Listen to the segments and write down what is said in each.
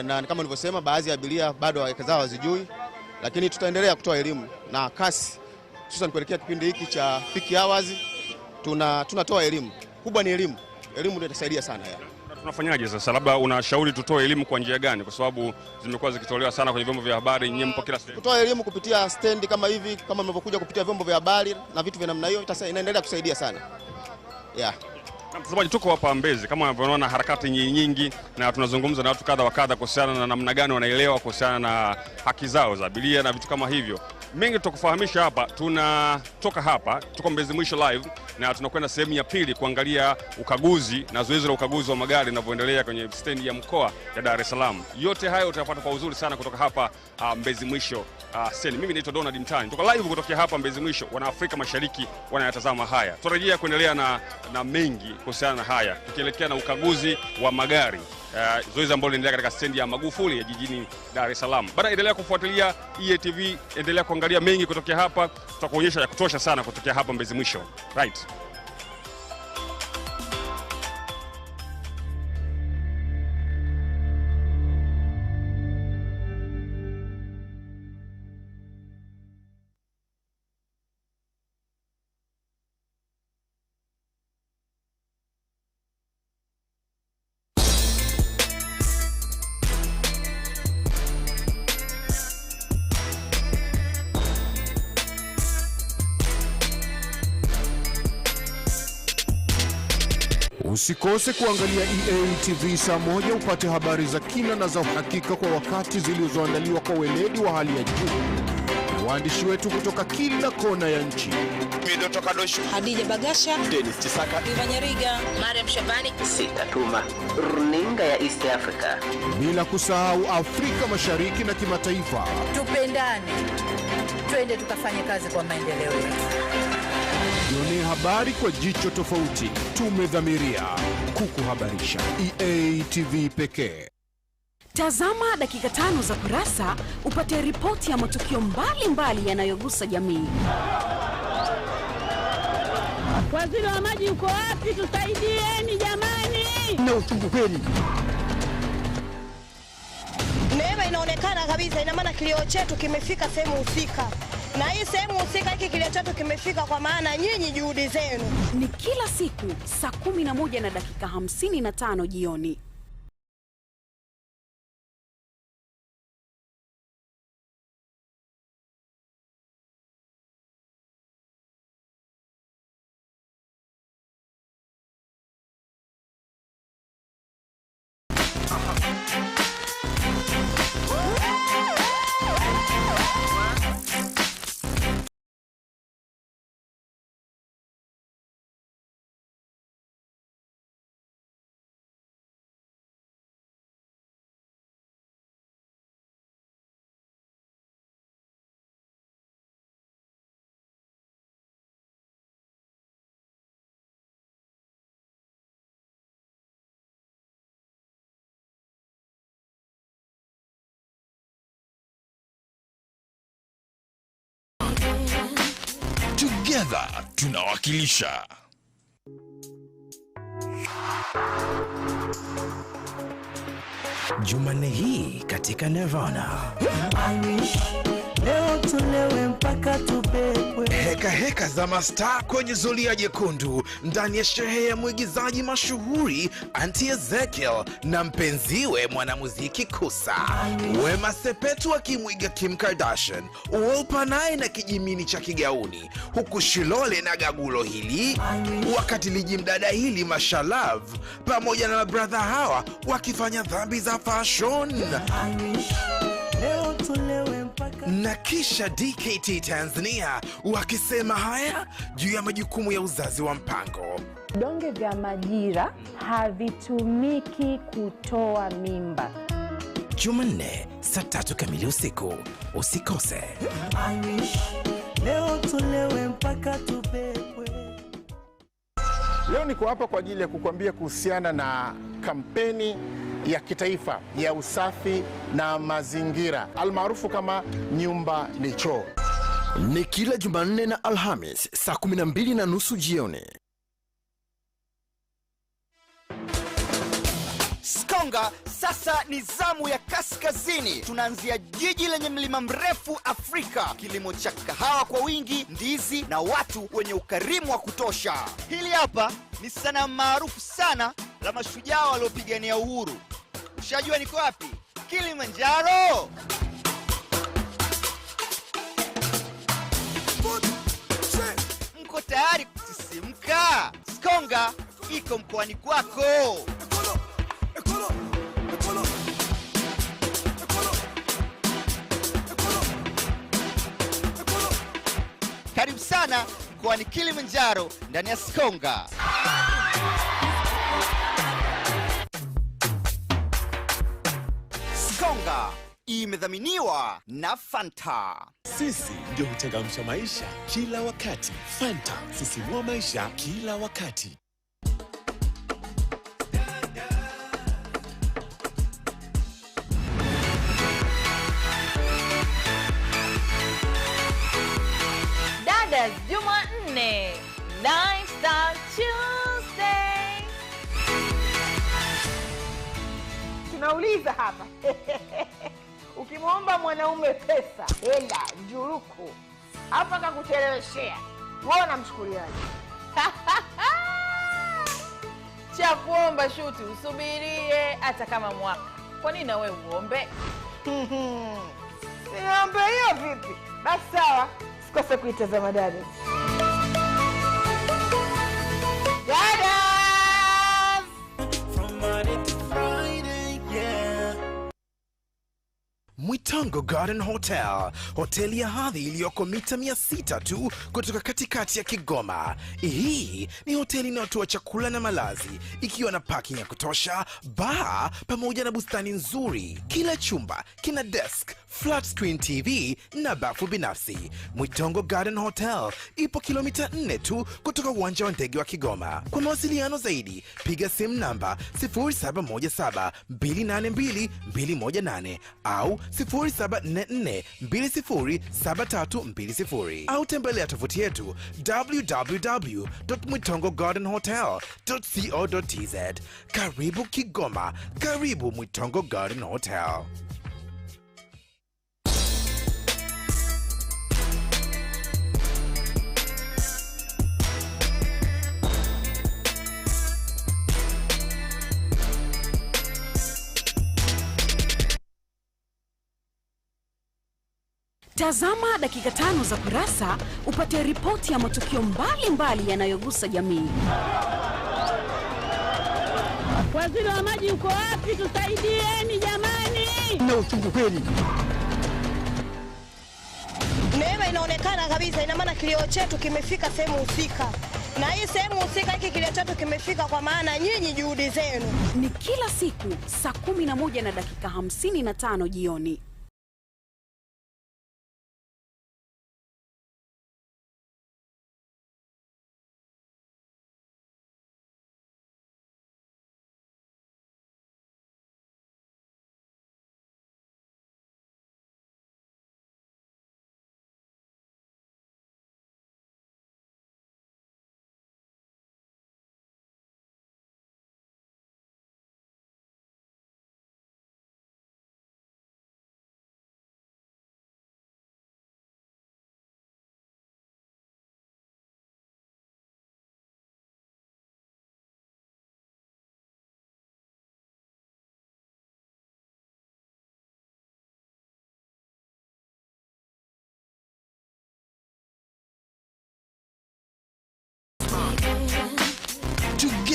Eh, na kama nilivyosema, baadhi ya abiria bado zao hawazijui, lakini tutaendelea kutoa elimu na kasi, hususan kuelekea kipindi hiki cha peak hours. Tuna tunatoa elimu kubwa, ni elimu. Elimu ndio itasaidia sana ya. Tunafanyaje sasa? Labda unashauri tutoe elimu kwa njia gani? Kwa sababu zimekuwa zikitolewa sana kwenye vyombo vya habari, nyinyi mpo kila sehemu. Kutoa elimu kupitia stendi kama hivi, kama mnavyokuja kupitia vyombo vya habari na vitu vya namna hiyo, inaendelea kusaidia sana yeah mtazamaji, tuko hapa Mbezi kama unavyoona, harakati nyingi nyingi, na tunazungumza na watu kadha wa kadha kuhusiana na namna gani wanaelewa kuhusiana na haki zao za abiria na vitu kama hivyo mengi tutakufahamisha hapa. Tunatoka hapa, tuko Mbezi Mwisho Live na tunakwenda sehemu ya pili kuangalia ukaguzi na zoezi la ukaguzi wa magari linavyoendelea kwenye stendi ya mkoa ya Dar es Salaam. Yote hayo utayapata kwa uzuri sana kutoka hapa uh, Mbezi Mwisho uh, ah, stendi. Mimi naitwa Donald Mtani, toka live kutokea hapa Mbezi Mwisho, wanaafrika mashariki wanayatazama haya. Tutarejea kuendelea na, na mengi kuhusiana na haya, tukielekea na ukaguzi wa magari uh, zoezi ambalo linaendelea katika stendi ya Magufuli ya jijini Dar es Salaam. Bana, endelea kufuatilia EATV, endelea kuangalia mengi kutokea hapa, tutakuonyesha ya kutosha sana kutokea hapa Mbezi Mwisho. Right. Usikose kuangalia EA TV saa moja upate habari za kina na za uhakika kwa wakati zilizoandaliwa kwa weledi wa hali ya juu na waandishi wetu kutoka kila kona ya nchi. Midotoka Doshu, Hadija Bagasha, Dennis Tisaka, Ivanyariga, Mariam Shabani, Sita Tuma, runinga ya East Africa, bila kusahau Afrika Mashariki na kimataifa. Tupendane, twende tukafanye kazi kwa maendeleo yetu. Jionee habari kwa jicho tofauti. Tumedhamiria kukuhabarisha. EATV pekee. Tazama dakika tano za Kurasa upate ripoti ya matukio mbalimbali yanayogusa jamii. Waziri wa maji uko wapi? Tusaidieni jamani, na uchungu kweli. Neema inaonekana kabisa, ina maana kilio chetu kimefika sehemu husika na hii sehemu husika, hiki kilio chetu kimefika kwa maana nyinyi juhudi zenu. Ni kila siku saa kumi na moja na dakika tano jioni. Together tunawakilisha Jumanne hii katika nevana I wish leo tulewe mpaka tu Heka za mastaa kwenye zulia jekundu ndani ya sherehe ya mwigizaji mashuhuri anti Ezekiel na mpenziwe mwanamuziki Kusa. Wema Sepetu akimwiga Kim Kardashian, Wolper naye na kijimini cha kigauni, huku Shilole na gagulo hili, wakati Liji mdada hili Mashalav pamoja na mabradha hawa wakifanya dhambi za fashion na kisha DKT Tanzania wakisema haya juu ya majukumu ya uzazi wa mpango. Vidonge vya Majira havitumiki kutoa mimba. Jumanne saa tatu kamili usiku usikose. Leo tolewe mpaka Leo niko hapa kwa ajili ya kukuambia kuhusiana na kampeni ya kitaifa ya usafi na mazingira almaarufu kama nyumba ni choo. Ni kila Jumanne na Alhamis saa 12 na nusu jioni. Skonga, sasa ni zamu ya kaskazini. Tunaanzia jiji lenye mlima mrefu Afrika, kilimo cha kahawa kwa wingi, ndizi na watu wenye ukarimu wa kutosha. Hili hapa ni sanamu maarufu sana la mashujaa waliopigania uhuru Ushajua niko wapi? Kilimanjaro. Mko tayari kusisimka? Skonga iko mkoani kwako. Karibu sana mkoani Kilimanjaro ndani ya Skonga. Yanga imedhaminiwa na Fanta. Sisi ndio huchangamsha maisha kila wakati. Fanta, sisimua maisha kila wakati. tunauliza hapa ukimwomba mwanaume pesa, hela, njuruku hapa kakucheleweshea, wao unamchukuliaje? cha kuomba shuti usubirie hata kama mwaka. Kwa nini nawe uombe? Niombe hiyo vipi? Basi sawa, sikose kuitazama dada. Mlango Garden Hotel, hoteli ya hadhi iliyoko mita 600 tu kutoka katikati ya Kigoma. Hii ni hoteli inayotoa chakula na malazi, ikiwa na parking ya kutosha, baa pamoja na bustani nzuri. Kila chumba kina desk, flat screen TV na bafu binafsi. Mwitongo Garden Hotel ipo kilomita 4 tu kutoka uwanja wa ndege wa Kigoma. Kwa mawasiliano zaidi, piga simu namba 0717 au 0744207320 au tembelea tovuti yetu www.mwitongogardenhotel.co.tz. Karibu Kigoma, karibu Mwitongo Garden Hotel. Tazama dakika tano za Kurasa upate ripoti ya matukio mbalimbali yanayogusa jamii. Waziri wa maji uko wapi? Tusaidieni jamani, na uchungu kweli. Neema inaonekana kabisa, ina maana kilio chetu kimefika sehemu husika na hii sehemu husika, hiki kilio chetu kimefika kwa maana nyinyi juhudi zenu. Ni kila siku saa 11 na dakika 55 jioni.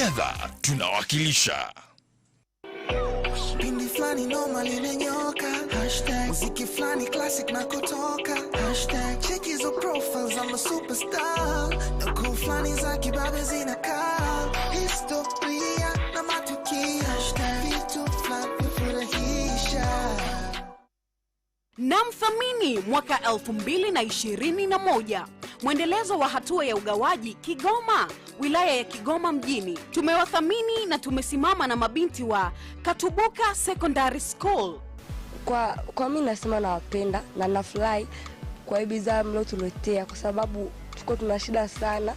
together tunawakilisha pindi flani noma flani classic na kutoka cheki za masuperstar flani za kibabe zinakaa historia na vitu na mthamini mwaka 221 mwendelezo wa hatua ya ugawaji Kigoma, wilaya ya Kigoma mjini. Tumewathamini na tumesimama na mabinti wa Katubuka Secondary School. Kwa, kwa mimi nasema nawapenda na nafurahi kwa hii bidhaa mliotuletea, kwa sababu tuko tuna shida sana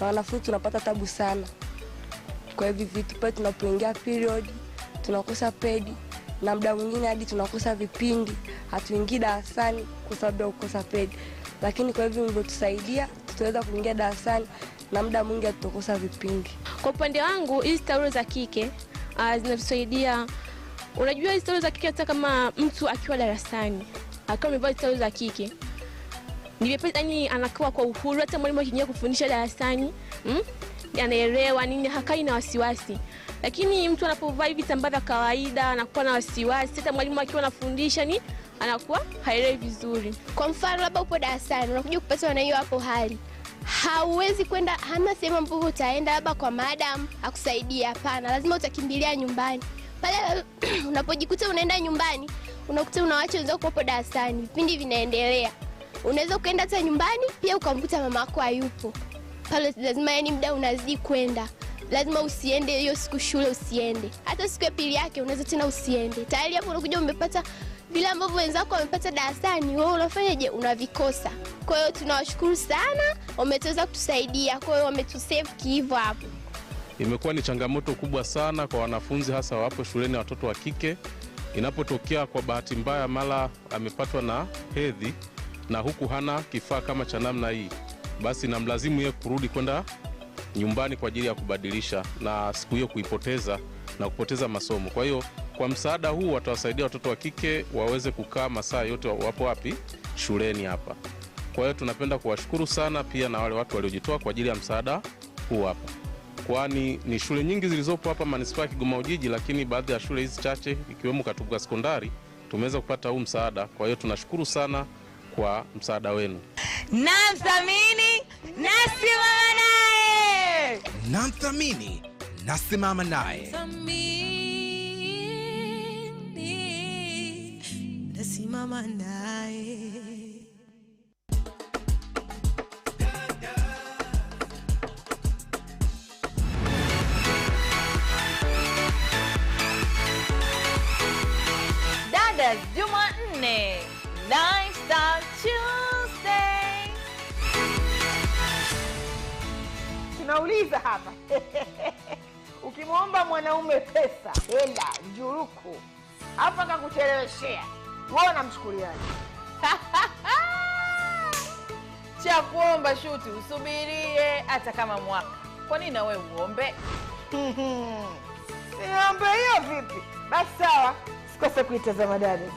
na wanafunzi tunapata tabu sana kwa hivi vitu, pale tunapoingia period tunakosa pedi na muda mwingine hadi tunakosa vipindi, hatuingii darasani kwa sababu ya kukosa pedi lakini kwa hivyo ilivyotusaidia tutaweza kuingia darasani na muda mwingi atutokosa vipindi. Kwa upande wangu, hizi taulo za kike uh, zinatusaidia. Unajua, hizi taulo za kike, hata kama mtu akiwa darasani akiwa ah, amevaa hizi taulo za kike ni vyepesi, anakuwa kwa uhuru. Hata mwalimu akiingia kufundisha darasani mm, anaelewa nini, hakai na wasiwasi. Lakini mtu anapovaa hivi tambaa vya kawaida anakuwa na wasiwasi, hata mwalimu akiwa anafundisha ni anakuwa haelewi vizuri. Kwa mfano, labda upo darasani unakuja kupatana na hiyo hapo hali hauwezi kwenda, hana sehemu ambapo utaenda labda kwa madam akusaidia. Hapana, lazima utakimbilia nyumbani. Pale unapojikuta unaenda nyumbani, unakuta unawacha wenzako kuwapo darasani, vipindi vinaendelea. Unaweza ukaenda hata nyumbani pia ukamkuta mama yako hayupo pale. Lazima yani, muda unazidi kwenda, lazima usiende hiyo siku shule, usiende hata siku ya pili yake, unaweza tena usiende. Tayari hapo unakuja umepata vile ambavyo wenzako wamepata darasani, wewe unafanyaje? Unavikosa. Kwa hiyo tunawashukuru sana, wametuweza kutusaidia, kwa hiyo wametusave kihivo hapo. Imekuwa ni changamoto kubwa sana kwa wanafunzi, hasa wapo shuleni, watoto wa kike. Inapotokea kwa bahati mbaya, mara amepatwa na hedhi na huku hana kifaa kama cha namna hii, basi namlazimu yeye kurudi kwenda nyumbani kwa ajili ya kubadilisha, na siku hiyo kuipoteza na kupoteza masomo. Kwa hiyo kwa msaada huu watawasaidia watoto wa kike waweze kukaa masaa yote wapo wapi? Shuleni hapa. Kwa hiyo tunapenda kuwashukuru sana pia na wale watu waliojitoa kwa ajili ya msaada huu hapa, kwani ni shule nyingi zilizopo hapa manispaa ya Kigoma Ujiji, lakini baadhi ya shule hizi chache ikiwemo Katubuka Sekondari tumeweza kupata huu msaada. Kwa hiyo tunashukuru sana kwa msaada wenu. Namthamini nasimama naye, namthamini nasimama naye, Dada Jumanne Lifestyle Tuesday tunauliza hapa ukimwomba mwanaume pesa, hela, njuruku afu kakucheleweshea wewe unamchukuliaje? cha kuomba shuti, usubirie hata kama mwaka. Kwa nini na uombe? Siombe hiyo vipi? Basi sawa, sikose kuitazama dada.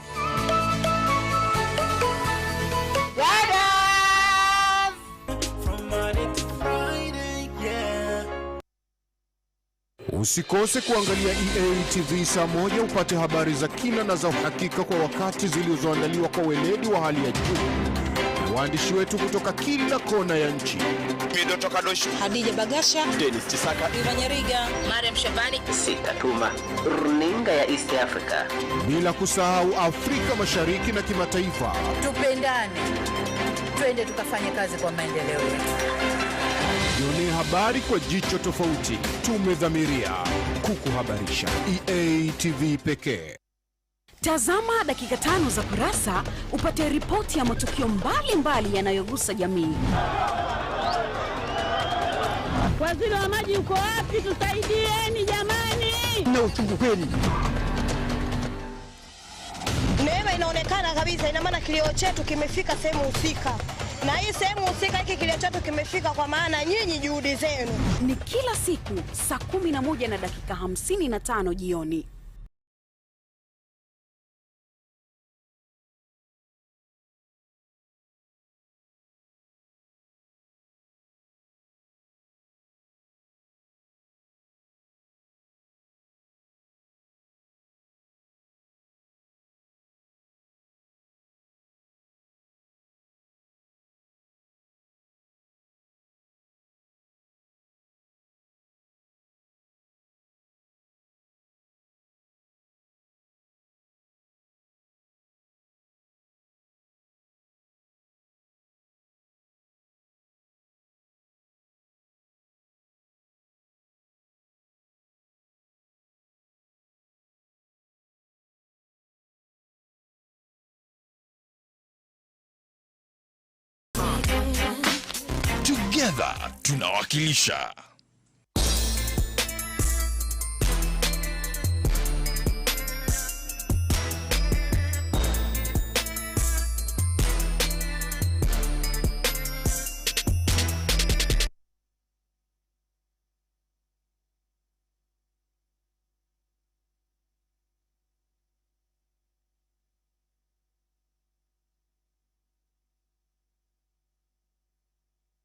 Usikose kuangalia EA TV saa moja upate habari za kina na za uhakika kwa wakati zilizoandaliwa kwa weledi wa hali ya juu na waandishi wetu kutoka kila kona ya nchi. Midotoka Doshi, Hadija Bagasha, Dennis Tisaka, Ivanyariga, Mariam Shabani, Sita Tuma, runinga ya East Africa, bila kusahau Afrika Mashariki na kimataifa. Tupendane, twende tukafanye kazi kwa maendeleo yetu habari kwa jicho tofauti. Tumedhamiria kukuhabarisha. EA pekee. Tazama dakika tano za Kurasa upate ripoti ya matukio mbalimbali yanayogusa jamii. Waziri wa maji uko wapi? Tusaidieni jamani, na uchungu kweli. Neema inaonekana kabisa, ina maana kilio chetu kimefika sehemu husika na hii sehemu husika, hiki kilio chetu kimefika kwa maana nyinyi juhudi zenu. Ni kila siku saa 11 na dakika 55 jioni. Together tunawakilisha